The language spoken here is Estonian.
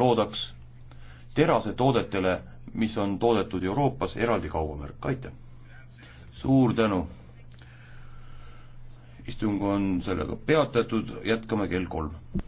loodaks terasetoodetele, mis on toodetud Euroopas, eraldi kaubamärk, aitäh! suur tänu! istung on sellega peatatud, jätkame kell kolm.